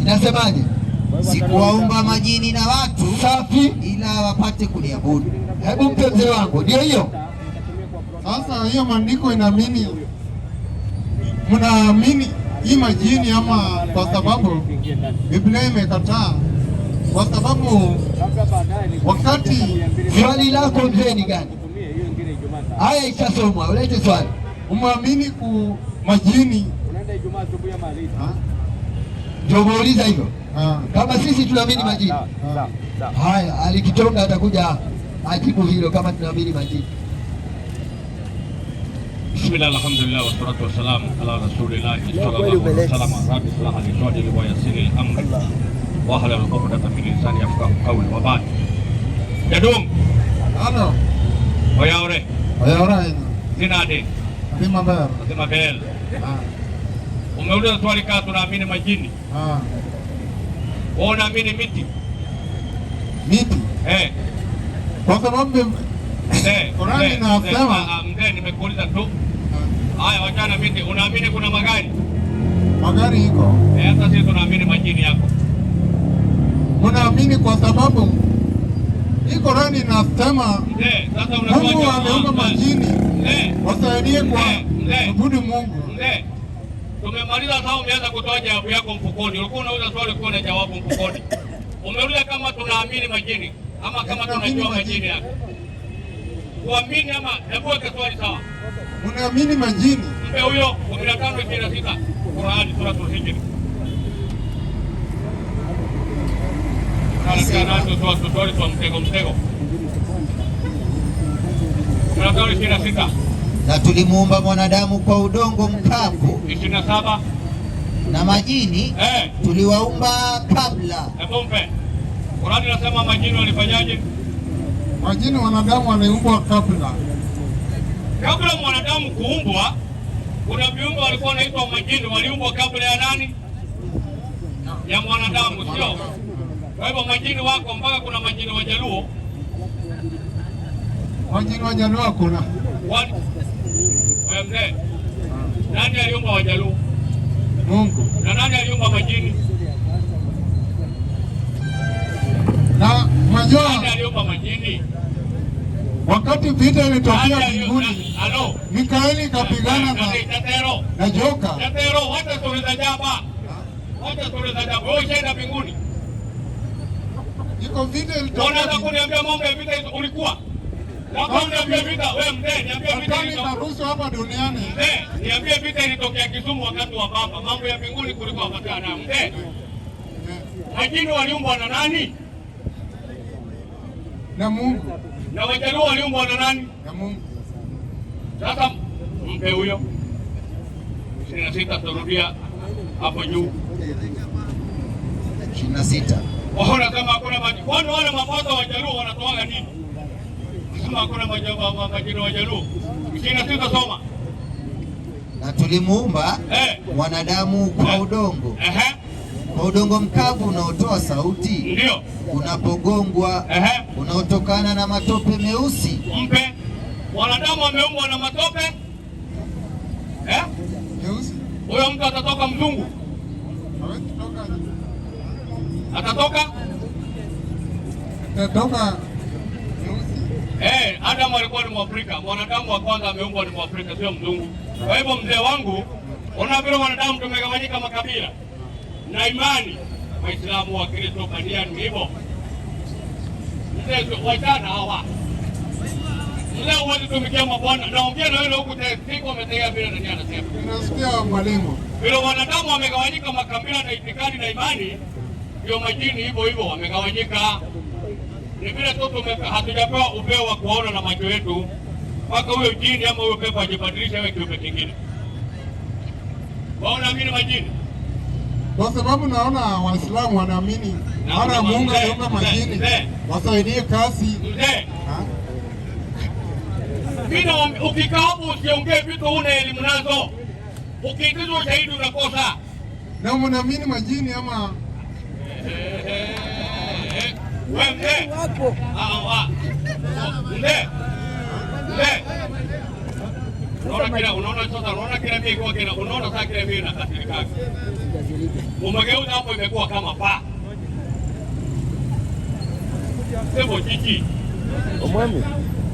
inasemaje? Sikuwaumba majini na watu safi, ila wapate kuniabudu. Hebu mpenzi wangu, ndio hiyo sasa. Hiyo maandiko inaamini, mnaamini hii majini ama? Kwa sababu Biblia imekataa, kwa sababu wakati. Swali lako mzee ni gani? Haya, itasomwa ulete swali. Umeamini ku majini Ah. ndio muuliza hivyo ah. kama sisi tunaamini ah, majini. Haya, alikitonga atakuja ajibu hilo kama tunaamini majini. Bismillah, alhamdulillah, wassalatu wassalamu ala rasulillah sallallahu alaihi wasallam. Rabbi shrah li wa yassir li amri wa hlul uqdatan min lisani yafqahu qawli. Wa ba'd, Jadung ano oyaore oyaore dinade bimabel bimabel ah Umeuliza swali kama tunaamini majini. Ah. Wewe unaamini miti? Miti? Eh. Kwa sababu eh, Qur'ani inasema eh, eh, ah, ah, mzee, nimekuuliza tu. Ah. Haya, wachana miti. Unaamini kuna magari? Magari iko. Eh, sasa sisi tunaamini majini yako. Unaamini kwa sababu hii Qur'ani inasema mzee, sasa unakuwa Mungu ameumba majini. Mzee, wasaidie kwa kuabudu Mungu. Mzee. Tumemaliza sasa, umeanza kutoa jawabu yako mfukoni. Ulikuwa unauliza swali, ulikuwa na jawabu mfukoni. Umeuliza kama tunaamini majini ama kama tunajua majini yako. Kuamini ama hebu weka swali sawa. Unaamini majini? Mpe huyo 15 26 Qur'ani sura Al-Hijr. Mtego mtego. 15 26 na tulimuumba mwanadamu kwa udongo mkavu na majini eh. tuliwaumba kabla. Ebombe. Eh, majini walifanyaje? Majini wanadamu waliumbwa kabla. Kabla mwanadamu kuumbwa, kuna viumbe walikuwa wanaitwa majini, waliumbwa kabla ya nani? Ya mwanadamu, sio? Kwa hivyo majini wako mpaka kuna majini wajaluo, Majini wajaluo kuna. Bwana mzee, nani aliumba Wajaluo? Mungu. Na nani aliumba majini? Na mwajua, nani aliumba majini? Wakati vita ilitokea mbinguni, Mikaeli ikapigana na na joka. Wacha tuliza jaba, wacha tuliza jaba, wewe ushenda mbinguni. Iko vita ilitokea. Unaweza kuniambia mambo ya vita ulikuwa Tarusu hapa duniani. Niambie vita ilitokea Kisumu wakati wa baba, mambo ya mbinguni kuliko wakati wa Adamu. Majini waliumbwa na nani? Na Mungu. Na Wajaluo waliumbwa na nani? Na Mungu. Sasa mpe huyo ishirini na sita turudia hapo juu ishirini na sita waona kama hakuna maji. Kwani wale mapato Wajaluo wanatoaga nini? hakuna Wajaluo, na tulimuumba eh, mwanadamu kwa eh, udongo eh, kwa udongo mkavu unaotoa sauti ndio unapogongwa eh, unaotokana na matope meusi. Mpe mwanadamu ameumbwa na matope eh, Huyo mtu atatoka mzungu, atatoka atatoka ameumbwa ni Mwafrika, mwanadamu wa kwanza ameumbwa ni Mwafrika, sio mzungu. Kwa hivyo mzee wangu, ona vile wanadamu tumegawanyika makabila na imani, Waislamu, Kristo kania ni hivyo. Mzee wachana hawa, mzee huwezi tumikia mabwana. Naongea na wewe huku siku umetegea vile nani anasema, nasikia mwalimu, vile wanadamu wamegawanyika makabila na itikadi na imani, ndio majini hivyo hivyo wamegawanyika. Ni toto hatujapewa upeo wa kuona na macho yetu, mpaka huyo jini ama huyo pepo ajibadilisha awe kiumbe kingine. mimi majini kwa sababu naona Waislamu wanaamini ana Mungu aliumba majini wasaidie kazi. Um- ukikaa hapo usiongee vitu huna elimu nazo, ukiingiza ushahidi unakosa. Na mnaamini majini ama Wembe hawa mbe mbe, unaona kila unaona sasa, unaona kila mimi kwa kila unaona sasa, kila mimi na katika umegeuza hapo, imekuwa kama paa sebo jiji omwami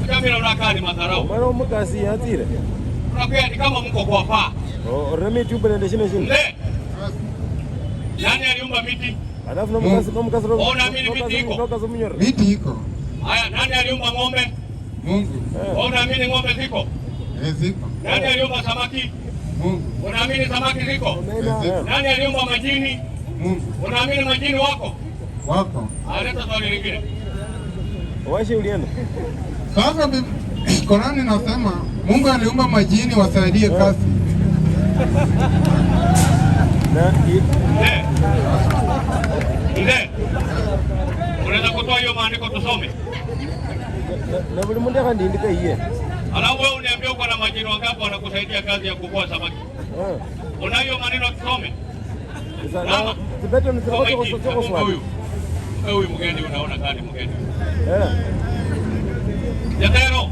kamera unakali madharau mara umukasi yatire unakuwa ni kama mko kwa paa oh remi tube nende shine shine nani aliumba miti Ona mimi miti iko. Miti iko. Haya, nani aliumba ng'ombe? Mungu. Unaamini eh. ng'ombe ziko? Eh, ziko. Nani aliumba samaki? Mungu. Unaamini samaki eh, ziko? Nani aliumba majini? Mungu. Unaamini majini wako? Wako. Aleta swali lingine. Washi ulienda. Sasa Korani nasema Mungu aliumba majini wasaidie kazi. Mzee, unaweza kutoa hiyo maandiko tusome? na buli mundu akandindika iye. Alafu wewe uniambia uko na majirani wangapi wanakusaidia kazi ya kuvua samaki? Una hiyo maneno tusome? Huyu mgeni unaona kani mgeni. Jatero.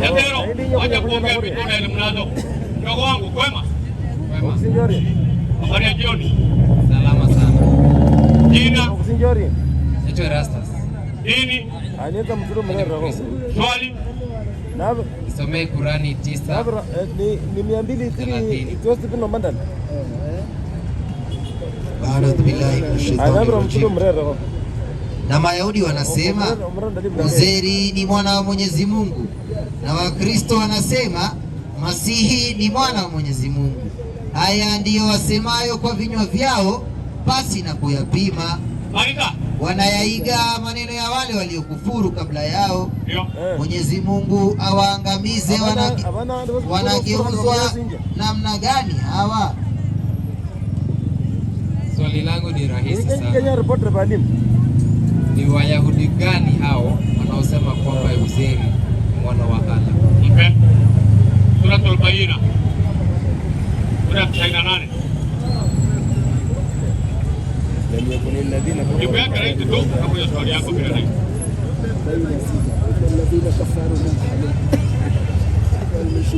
Jatero, wacha kuongea vitu na elimu nazo. Mdogo wangu kwema? Kwema. Habari ya jioni. Salama sana. Jina dini. Swali isomee Kurani tisa eh, ni mia mbili na Mayahudi wanasema Uzeri ni mwana wa Mwenyezi Mungu, na Wakristo wanasema Masihi ni mwana wa Mwenyezi Mungu. Haya ndiyo wasemayo kwa vinywa vyao pasi na kuyapima. Wanayaiga maneno ya wale waliokufuru kabla yao. Mwenyezi Mungu awaangamize. Wanageuzwa namna gani hawa? Swali langu ni rahisi sana. Ni Wayahudi gani hao wanaosema kwamba Uzeri mwana wa Allah? Suratul Bayina. Kuna 98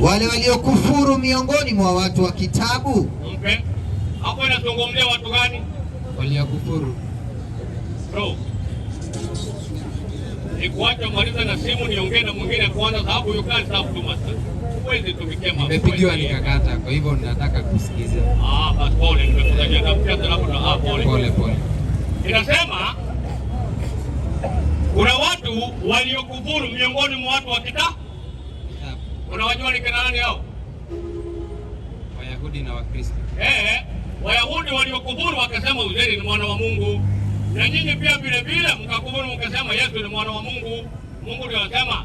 wale waliokufuru miongoni mwa watu wa kitabu. Okay. Hapo inazungumzia watu gani? Waliokufuru. Bro. Nikuacha na simu niongee na mwingine kwanza sababu yuko kazi Nimepigiwa nikakata, kwa hivyo nataka kusikiza. Ah, pole na pole. pole pole. Inasema kuna watu waliokufuru miongoni mwa watu wa kita, unawajua ni kina nani hao? Wayahudi na Wakristo. Eh, eh Wayahudi waliokufuru wakasema Uzeri ni mwana wa Mungu, na nyinyi pia vile vile mkakufuru mkasema Yesu ni mwana wa Mungu. Mungu ndio anasema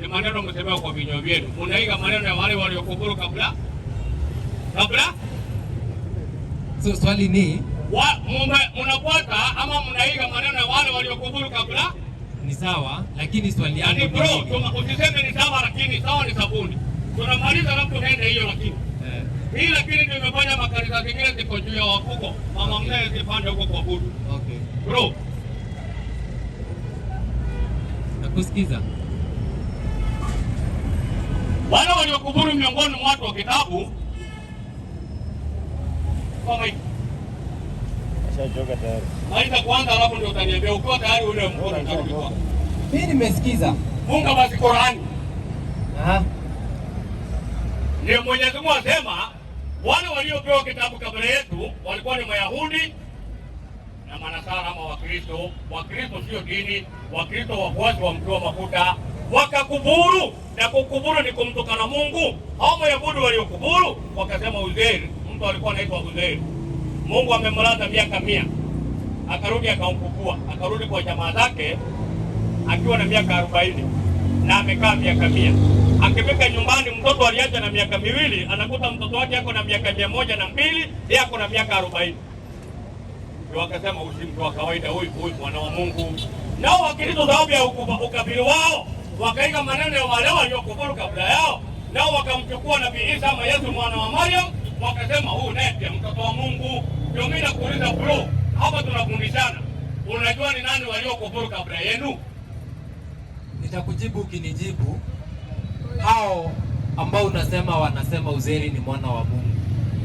ni maneno msema kwa vinywa vyenu, unaiga maneno ya wale waliokufuru kabla kabla. So swali ni mnafuata ama mnaiga maneno ya wale waliokufuru kabla? Ni sawa, lakini swali yani, bro, usiseme ni sawa, lakini sawa ni sabuni. Tunamaliza labda tunaenda hiyo, lakini eh. hii lakini nimefanya makanisa zingine ziko juu ya wakuko mama mnaye zipande huko kwa budu. Okay bro, nakusikiza. Wale waliokufuru miongoni mwa watu wa kitabu Maliza kwanza, alafu ndio utaniambia ukiwa tayari ule mkono. Mimi nimesikiza. Funga basi Qur'ani. Aha. Ndio Mwenyezi Mungu asema wale waliopewa kitabu kabla yetu walikuwa ni Wayahudi na Manasara ama Wakristo. Wakristo sio dini, Wakristo wafuasi wa mtu wa mafuta wakakuburu, na kukuburu ni kumtukana Mungu. Hao Wayahudi waliokuburu wakasema Uzeri, mtu alikuwa anaitwa Uzeri, Mungu amemlaza miaka mia, akarudi akamfufua, akarudi kwa jamaa zake akiwa na miaka arobaini na amekaa miaka mia. Akifika nyumbani mtoto aliacha na miaka miwili, anakuta mtoto wake ako na miaka mia moja na mbili, yeye ako na miaka arobaini. Wakasema usi mtu wa kawaida huyu, huyu mwana wa Mungu. Nao wakilizwa sababu ya ukabili wao wakaiga maneno ya wale waliokufuru kabla yao, nao wakamchukua Nabii Isa ama Yesu mwana wa Mariam, wakasema huu nete mtoto wa Mungu. Ndio mimi nakuuliza bro, hapa tunafundishana. Unajua ni nani waliokufuru kabla yenu? Nitakujibu ukinijibu hao ambao unasema wanasema Uzeri ni mwana wa Mungu.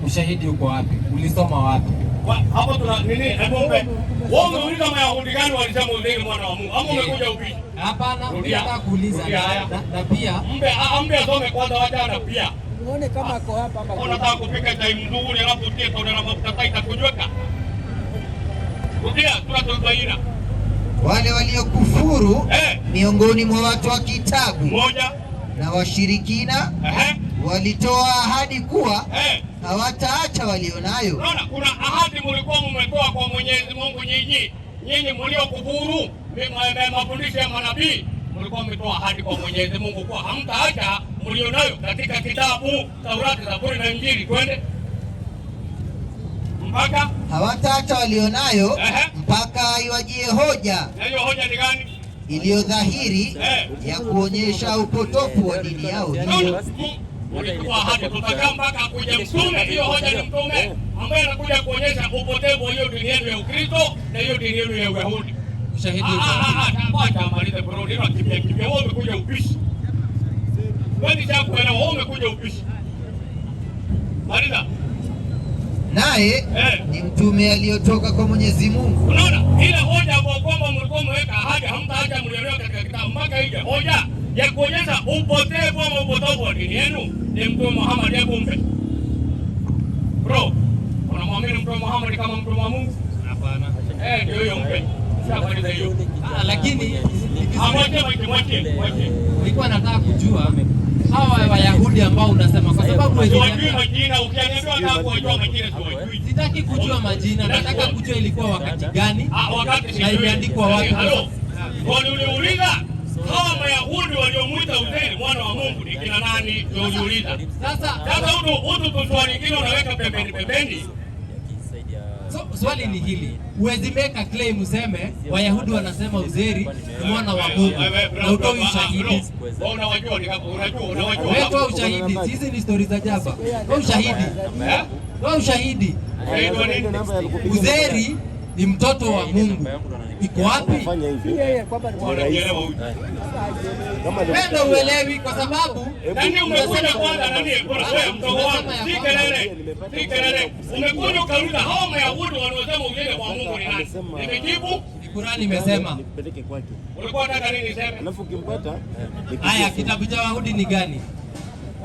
Ushahidi uko wapi? Ulisoma wapi? hapo tuna nini? Hebu Ngombe wao umeuliza kama Wayahudi gani walisema uzeni mwana wa Mungu, ama umekuja ubishi? Hapana, nataka kuuliza na pia mbe ambe asome kwanza, wacha na pia uone kama ako hapa hapa. Unataka kupika chai mzuri, alafu utie soda na mafuta sasa itakunyweka. Rudia tuna Tanzania. Wale waliokufuru eh, miongoni mwa watu wa kitabu moja na washirikina eh, walitoa ahadi kuwa eh, hawataacha walionayo. Naona kuna ahadi mlikuwa mmepewa kwa Mwenyezi Mungu, nyinyi nyinyi mliokuburu mafundisho ya manabii, mlikuwa mmetoa ahadi kwa Mwenyezi Mungu kuwa hamtaacha mlionayo katika kitabu Taurati, Zaburi na Injili, twende mpaka hawataacha walionayo mpaka iwajie hoja. Na hiyo hoja ni gani? Iliyo dhahiri eh. ya kuonyesha upotofu wa dini yao hiyo ulikuwa hapo, tutakaa mpaka kuja mtume. Hiyo hoja ni mtume ambaye anakuja kuonyesha upotevu hiyo dini yenu ya Ukristo na hiyo dini yenu ya Uyahudi. Ah, ah, ah, umekuja upishi wewe umekuja upishi maliza naye eh. ni mtume aliyotoka kwa Mwenyezi Mungu. Unaona ile hoja ambayo kwamba mlikuwa mmeweka ahadi, hamtaacha mlielewa katika kitabu mpaka ije hoja ya kuonyesha upotevu ama upotovu wa dini yenu ni Mtume Muhammad, hebu mpe bro. Unamwamini Mtume Muhammad kama mtume wa Mungu? Hapana, eh, ndio hiyo mpe. Ah, lakini ah, nilikuwa nataka kujua hawa Wayahudi ambao unasema kwa sababu sitaki kujua majina, nataka kujua ilikuwa wakati gani ah, na imeandikwa wapi. Uliuliza? hawa Mayahudi waliomwita Uzeri mwana wa Mungu ni kina nani? Tujiuliza sasa, hutu swali ingine unaweka pembeni pembeni. So, swali ni hili, huwezi make claim useme Wayahudi wanasema Uzeri ni mwana wa Mungu na utoe ushahidi. toa ushahidi, hizi ni stori za jaba. Toa ushahidi, eh? toa ushahidi. Uzeri ni mtoto wa Mungu iko wapi? Pendo uelewi, kwa sababu yaani nani umesema kelele, kelele. umekuja homa ya Mayahudi wanaosema uende kwa Mungu ni nani? Nimejibu Qurani imesema. Nipeleke kwake. Ulikuwa unataka nini niseme? Haya, kitabu cha Wahudi ni gani?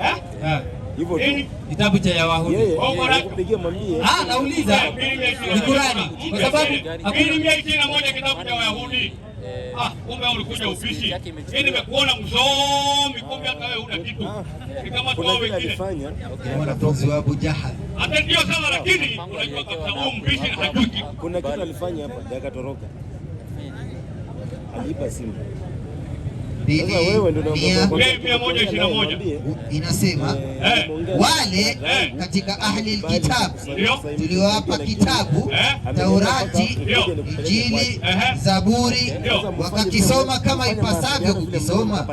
Eh? hivyo tu. Kitabu cha Yahudi nikupigie mwambie, ah, nauliza ni Qur'ani. kwa sababu hakuna na moja kitabu cha Wayahudi. Eh. Ah, kumbe ulikuja ofisi. Mimi nimekuona msomi, kumbe hata wewe una kitu. Ah, ni kama tu wewe wengine. Wanafunzi wa Abu Jahal. Hata ndio sawa, lakini ah, unajua kabisa huyu mpishi hajui. Kuna kitu alifanya hapa, akatoroka. Aliiba simu inasema eh. Eh. wale eh. katika ahli lkitabu tuliwapa kitabu Taurati, Injili, Zaburi, wakakisoma kama ipasavyo kukisoma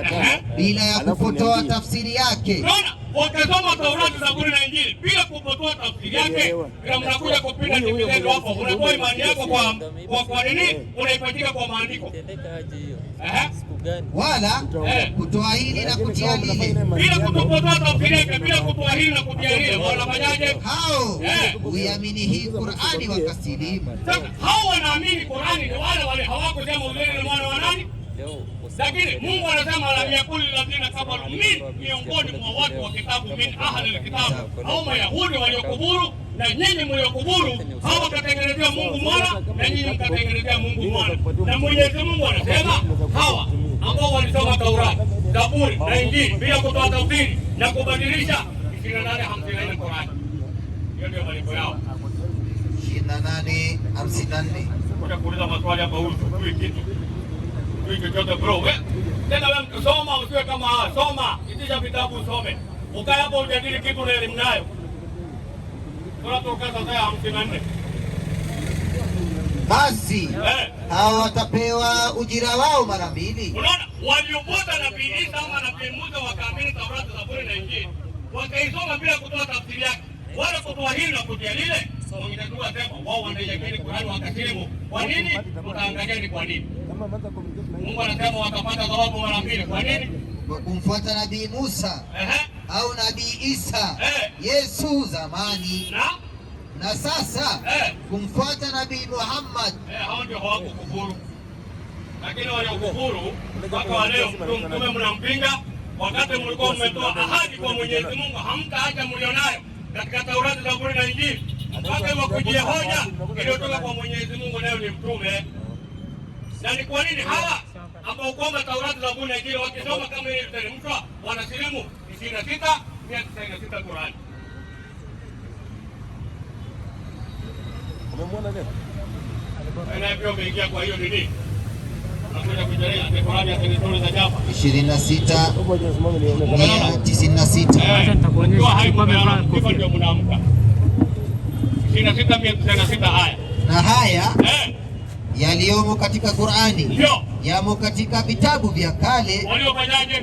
bila ya kupotoa tafsiri yake wakasoma Taurati, Zaburi na Injili bila kupotoa tafsiri yake, na mnakuja kupinda vitendo hapo. Unatoa imani yako kwa kwa kwa nini unaipatika kwa maandiko wala eh. kutoa hili na kutia lile bila kupotoa tafsiri yake, bila kutoa hili na kutia lile. Wanafanyaje hao? Eh. Huiamini hii Qur'ani wakasilimu. Hao wanaamini Qur'ani ni wale wale hawako jambo ule wale wanani lakini Mungu anasema lamyakuli lazina kafaru min, miongoni mwa watu wa kitabu, min ahli kitabu, au Mayahudi waliokuburu na nyinyi mliokuburu, hao wakatengenezea Mungu mwana na nyinyi mkatengenezea Mungu mwana. Na Mwenyezi Mungu anasema hawa ambao walisoma Taurati, Zaburi na Injili bila kutoa tafsiri na kubadilisha, ishirini na nane hamsini na nne Korani, hiyo ndio malengo yao. ishirini na nane hamsini na nne utakuuliza maswali hapa, huyu kitu hujui chochote bro. We, tena wewe mkisoma usiwe kama hawa. Soma, itisha vitabu usome. Ukae hapo ujadili kitu na elimu nayo. Tunatoka sasa hamsini na nne. Basi eh. hawa watapewa ujira wao mara mbili. Unaona, waliopota na bidii sana na kuimuza wakaamini Taurati, Zaburi na Injili, wakaisoma bila kutoa tafsiri yake wala kutoa hili na kutia lile, wao wanajakini Kurani wakasilimu. Kwa nini? Tutaangalia ni kwa nini. Mungu anataka wakapata thawabu mara mbili. Kwa nini? Kumfuata Nabii Musa au Nabii Isa, Yesu zamani na sasa kumfuata Nabii Muhammad. Hao ndio hawakukufuru, lakini waliokufuru mpaka wa leo. Mtume mnampinga, wakati mlikuwa mmetoa ahadi kwa Mwenyezi Mungu hamtaacha mlionayo katika Taurati, Zaburi na Injili, mpaka wakujia hoja iliyotoka kwa Mwenyezi Mungu, nayo ni mtume na ni kwa nini hawa ambao kwamba Taurati, Zaburi na Injili wakisoma kama ile iteremshwa, wanasilimu ishirini na sita mia Qurani. Umemwona leo Ana navyo umeingia. Kwa hiyo nini ishirini na sita na sita eh, na haya eh, yaliyomo katika Qur'ani, yamo katika vitabu vya kale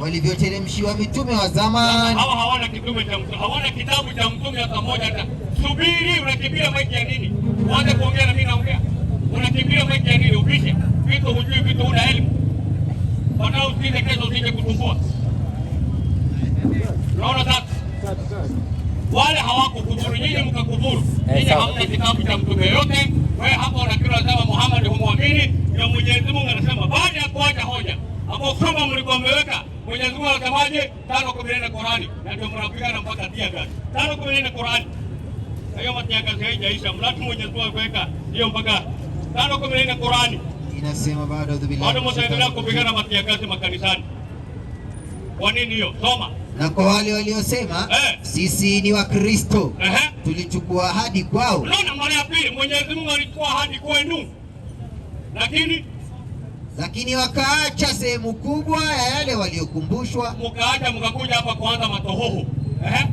walivyoteremshiwa mitume wa zamani. Hawa hawana kitume cha mtume, hawana kitabu cha mtume hata moja. Hata subiri, unakimbia maiki ya nini? Uanze kuongea na mimi naongea, unakimbia maiki ya nini? Upishe vitu, hujui vitu, una elimu wanaosie kesho usije kutumbua. Naona sasa wale hawakukufuru, nyinyi mkakuburu. Eh, nyinyi hamna kitabu cha mtume yote kwa hiyo hapa wanakiona lazima Muhammad humwamini, na Mwenyezi Mungu anasema baada ya kuacha hoja ambao kama mlikuwa mmeweka Mwenyezi Mungu anasemaje? tano kumi na nne Qurani, na ndio mnapigana mpaka dia gani? tano kumi na nne Qurani. Na hiyo matiangazi haijaisha, mlazima Mwenyezi Mungu akuweka hiyo mpaka tano kumi na nne Qurani inasema bado mtaendelea kupigana matiangazi makanisani. Kwa nini hiyo? Soma na kwa wale waliosema eh, sisi ni Wakristo eh, tulichukua ahadi kwao. Naona mara ya pili Mwenyezi Mungu alitoa ahadi kwenu, lakini lakini wakaacha sehemu kubwa ya yale waliokumbushwa, mkaacha mkakuja hapa kuanza matohoho eh.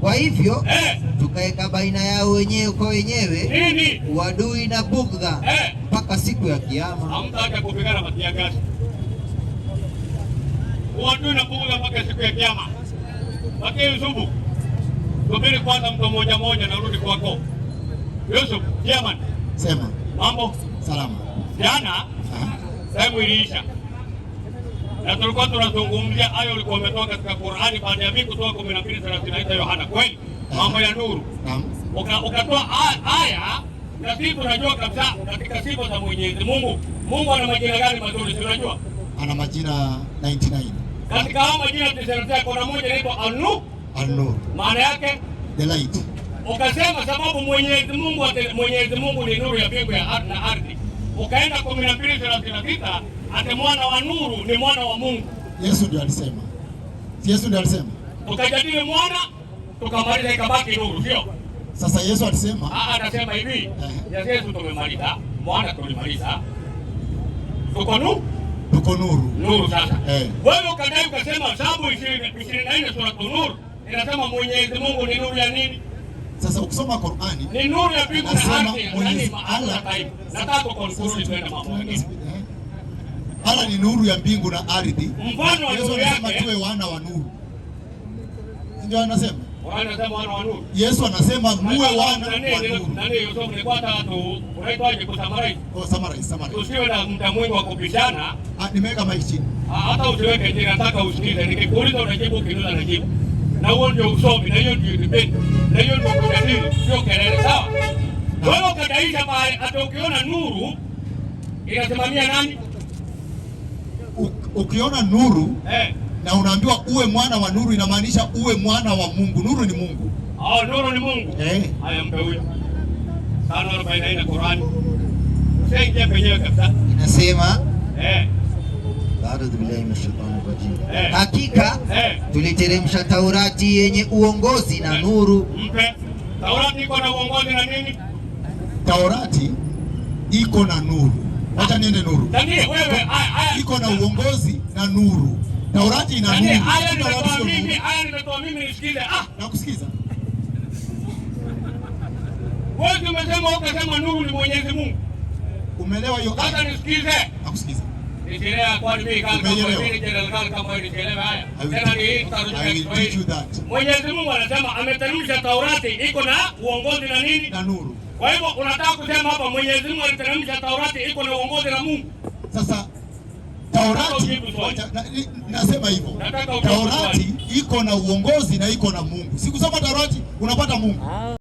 Kwa hivyo eh, tukaweka baina yao wenyewe kwa wenyewe nini, uadui na bugdha eh. mpaka eh, siku ya Kiyama. Hamtaacha kupigana matiangasi, uadui na bugdha mpaka siku ya Kiyama. Lakini Yusufu, subiri kwanza mtu mmoja mmoja, narudi kwako. Yusuf, Chairman, Sema. Mambo? Salama. Jana sehemu iliisha na tulikuwa tunazungumzia hayo ulikuwa umetoka katika Qur'ani baada ya mimi kutoa 12:39 Yohana, kweli mambo ya nuru. Ukatoa aya na sisi tunajua kabisa katika sifa za Mwenyezi Mungu, Mungu ana majina gani mazuri? Tunajua ana majina 99 katika hao majina tulisema kuna moja inaitwa An-Nur. Maana yake the light. Ukasema sababu Mwenyezi Mungu Mwenyezi Mungu ni nuru ya mbingu ya ardhi na ardhi. Ukaenda 12 36 ati mwana wa nuru ni mwana wa Mungu. Yesu ndiye alisema. Yesu ndiye alisema. Tukajadili mwana tukamaliza ikabaki nuru, sio? Sasa Yesu alisema, anasema ah, hivi. Eh. Yesu tumemaliza, mwana tulimaliza. Tuko nuru tuko nuru. Nuru sasa. Eh. Wewe ukadai ukasema Sabu 24 suratu nuru inasema Mwenyezi Mungu ni nuru ya nini? Sasa ukisoma Qur'ani ni nuru ya mbingu na ardhi. Mwenyezi Allah nataka conclude tena mambo mengine. Allah ni nuru ya mbingu na ardhi. Mfano wa nuru yake tuwe wana wa nuru. Ndio anasema. Yesu anasema muwe wana wa nuru. Tusiwe oh, na muda wa kupishana. Ah, nimeweka mic chini, ah, hata usiweke chini, nataka usikize. Nikikuuliza unajibu, ukiuliza najibu, na huo ndio usomi, na hiyo ndio debate, na hiyo ndio kujadili, sio kelele, sawa? Kwa hiyo ukadaisha mahali, hata ukiona nuru inasimamia nani? Ukiona nuru eh na unaambiwa uwe mwana wa nuru, inamaanisha uwe mwana wa Mungu. Nuru ni Mungu. Oh, nuru ni Mungu. Eh. Haya mpe huyo. Sana 44 Qur'an. Sasa penyewe kabisa. Inasema eh. A'udhu billahi minash shaitani rajim. Eh. Hakika eh, tuliteremsha Taurati yenye uongozi na eh. nuru. Mpe. Taurati iko na uongozi na nini? Taurati iko na nuru. Acha niende nuru. Nani wewe? Iko na uongozi na nuru. Taurati ina yaani, ah! nakusikiza wote umesema ukasema nuru ni Mwenyezi Mungu. Umeelewa hiyo? Sasa nisikize. Nakusikiza. Nichelewa kwa nini kama vile general kama nichelewa haya. Tena ni hii Mwenyezi Mungu anasema ameteremsha Taurati iko na uongozi na nini? Na nuru. Kwa hivyo unataka kusema hapa Mwenyezi Mungu aliteremsha Taurati iko na uongozi na Mungu. Sasa Taurati, nasema hivyo, Taurati iko na uongozi na iko na Mungu. Sikusoma Taurati unapata Mungu. Ah.